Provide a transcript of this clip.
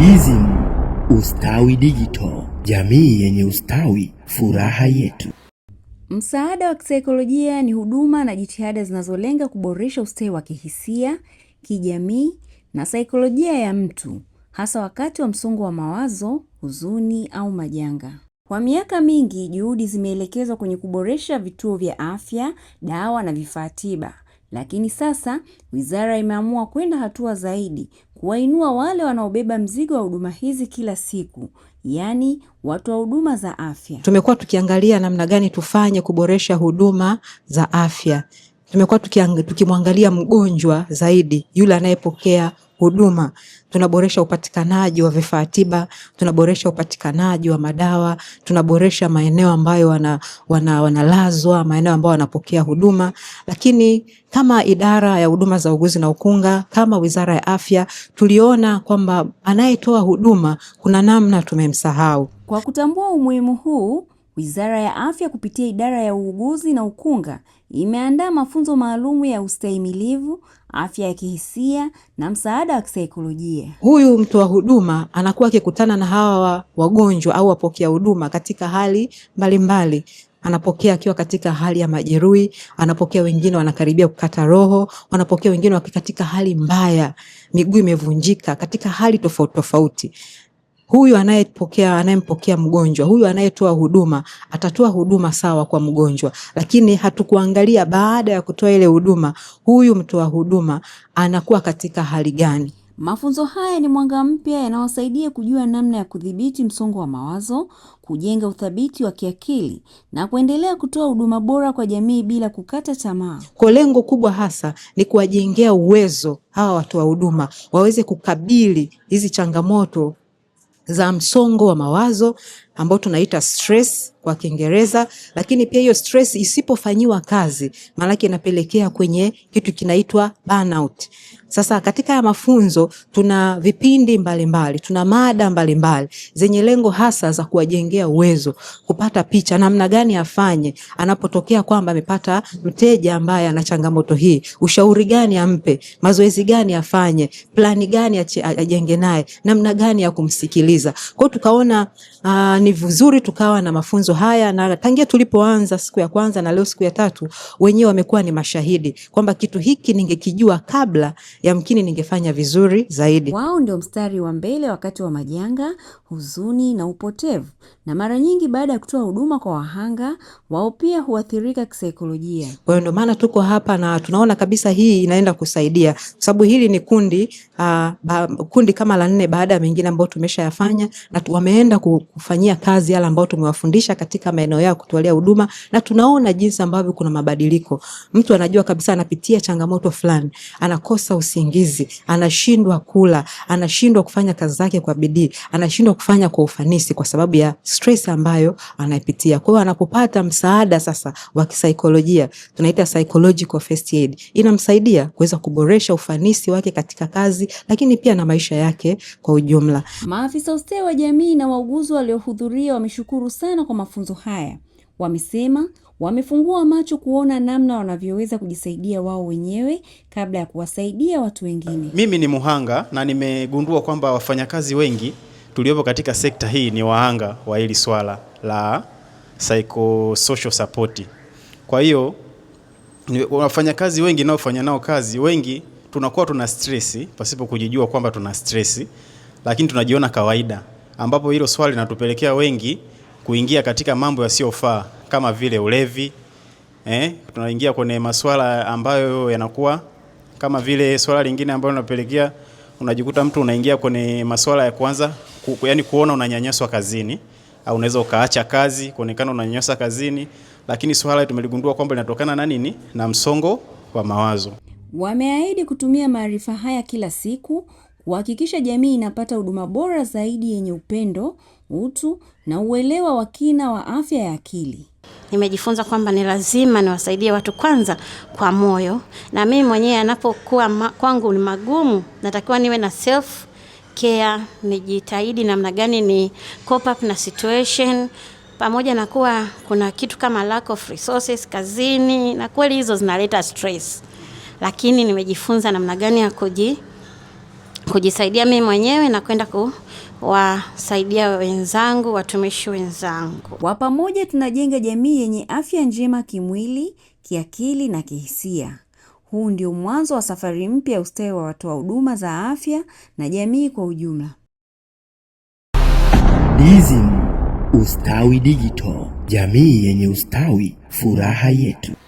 Dizim, ustawi digital, jamii yenye ustawi, furaha yetu. Msaada wa kisaikolojia ni huduma na jitihada zinazolenga kuboresha ustawi wa kihisia, kijamii na saikolojia ya mtu, hasa wakati wa msongo wa mawazo, huzuni au majanga. Kwa miaka mingi, juhudi zimeelekezwa kwenye kuboresha vituo vya afya, dawa na vifaa tiba lakini sasa wizara imeamua kwenda hatua zaidi, kuwainua wale wanaobeba mzigo wa huduma hizi kila siku, yaani watu wa huduma za afya. Tumekuwa tukiangalia namna gani tufanye kuboresha huduma za afya. Tumekuwa tukimwangalia mgonjwa zaidi, yule anayepokea huduma, tunaboresha upatikanaji wa vifaa tiba, tunaboresha upatikanaji wa madawa, tunaboresha maeneo ambayo wana, wana, wanalazwa, maeneo ambayo wanapokea huduma. Lakini kama idara ya huduma za uguzi na ukunga, kama wizara ya afya, tuliona kwamba anayetoa huduma kuna namna tumemsahau. Kwa kutambua umuhimu huu Wizara ya Afya kupitia Idara ya Uuguzi na Ukunga imeandaa mafunzo maalumu ya ustahimilivu, afya ya kihisia na msaada wa kisaikolojia. Huyu mtoa huduma anakuwa akikutana na hawa wagonjwa au wapokea huduma katika hali mbalimbali mbali. Anapokea akiwa katika hali ya majeruhi, anapokea wengine wanakaribia kukata roho, wanapokea wengine wakikatika katika hali mbaya, miguu imevunjika, katika hali tofauti tofauti huyu anayepokea anayempokea mgonjwa huyu anayetoa huduma atatoa huduma sawa kwa mgonjwa, lakini hatukuangalia baada ya kutoa ile huduma, huyu mtoa huduma anakuwa katika hali gani. Mafunzo haya ni mwanga mpya yanawasaidia kujua namna ya kudhibiti msongo wa mawazo, kujenga uthabiti wa kiakili na kuendelea kutoa huduma bora kwa jamii bila kukata tamaa. Kwa lengo kubwa hasa ni kuwajengea uwezo hawa watoa huduma waweze kukabili hizi changamoto za msongo wa mawazo ambao tunaita stress kwa Kiingereza, lakini pia hiyo stress isipofanyiwa kazi, maana yake inapelekea kwenye kitu kinaitwa burnout. Sasa katika ya mafunzo tuna vipindi mbalimbali mbali, tuna mada mbalimbali mbali, zenye lengo hasa za kuwajengea uwezo kupata picha namna gani afanye anapotokea kwamba amepata mteja ambaye ana changamoto hii, ushauri gani ampe, mazoezi gani afanye, plani gani ajenge naye, namna gani ya kumsikiliza. Kwa hiyo tukaona uh, ni vizuri tukawa na mafunzo haya, na tangia tulipoanza siku ya kwanza na leo siku ya tatu, wenyewe wamekuwa ni mashahidi kwamba kitu hiki ningekijua kabla, yamkini ningefanya vizuri zaidi. Wao ndio mstari wa mbele wakati wa majanga, huzuni na upotevu, na mara nyingi baada ya kutoa huduma kwa wahanga, wao pia huathirika kisaikolojia. Kwa hiyo ndio maana tuko hapa na tunaona kabisa hii inaenda kusaidia, kwa sababu hili ni kundi uh, ba, kundi kama la nne baada ya mengine ambayo tumeshayafanya na wameenda kufanyia kazi yale ambayo tumewafundisha katika maeneo yao kutolea huduma, na tunaona jinsi ambavyo kuna mabadiliko. Mtu anajua kabisa anapitia changamoto fulani, anakosa usingizi, anashindwa kula, anashindwa kufanya kazi zake kwa bidii, anashindwa kufanya kwa ufanisi kwa sababu ya stress ambayo anapitia Kwa hiyo anapopata msaada sasa wa kisaikolojia, tunaita psychological first aid, inamsaidia kuweza kuboresha ufanisi wake katika kazi, lakini pia na maisha yake kwa ujumla. Maafisa ustawi wa jamii na wauguzi waliohudhuria waliohudhuria wameshukuru sana kwa mafunzo haya. Wamesema wamefungua macho kuona namna wanavyoweza kujisaidia wao wenyewe kabla ya kuwasaidia watu wengine. Mimi ni muhanga na nimegundua kwamba wafanyakazi wengi tuliopo katika sekta hii ni wahanga wa hili swala la psychosocial support. Kwa hiyo wafanyakazi wengi naofanya nao kazi wengi tunakuwa tuna stress pasipo kujijua kwamba tuna stress, lakini tunajiona kawaida ambapo hilo swali linatupelekea wengi kuingia katika mambo yasiyofaa kama vile ulevi eh, tunaingia kwenye masuala ambayo yanakuwa kama vile swala lingine ambalo linapelekea unajikuta mtu unaingia kwenye masuala ya kwanza ku, yani kuona unanyanyaswa kazini au unaweza ukaacha kazi kuonekana unanyanyaswa kazini, lakini swala tumeligundua kwamba linatokana na nini? Na msongo wa mawazo. Wameahidi kutumia maarifa haya kila siku kuhakikisha jamii inapata huduma bora zaidi yenye upendo, utu na uelewa wa kina wa afya ya akili. Nimejifunza kwamba ni lazima niwasaidie watu kwanza kwa moyo, na mimi mwenyewe anapokuwa kwangu ni magumu, natakiwa niwe na self care, nijitahidi namna gani ni cope up na situation pamoja na kuwa kuna kitu kama lack of resources kazini, na kweli hizo zinaleta stress, lakini nimejifunza namna gani ya kuji kujisaidia mimi mwenyewe na kwenda kuwasaidia wenzangu, watumishi wenzangu. Kwa pamoja tunajenga jamii yenye afya njema kimwili, kiakili na kihisia. Huu ndio mwanzo wa safari mpya ya ustawi wa watoa huduma za afya na jamii kwa ujumla. DSM Ustawi Digital, jamii yenye ustawi, furaha yetu.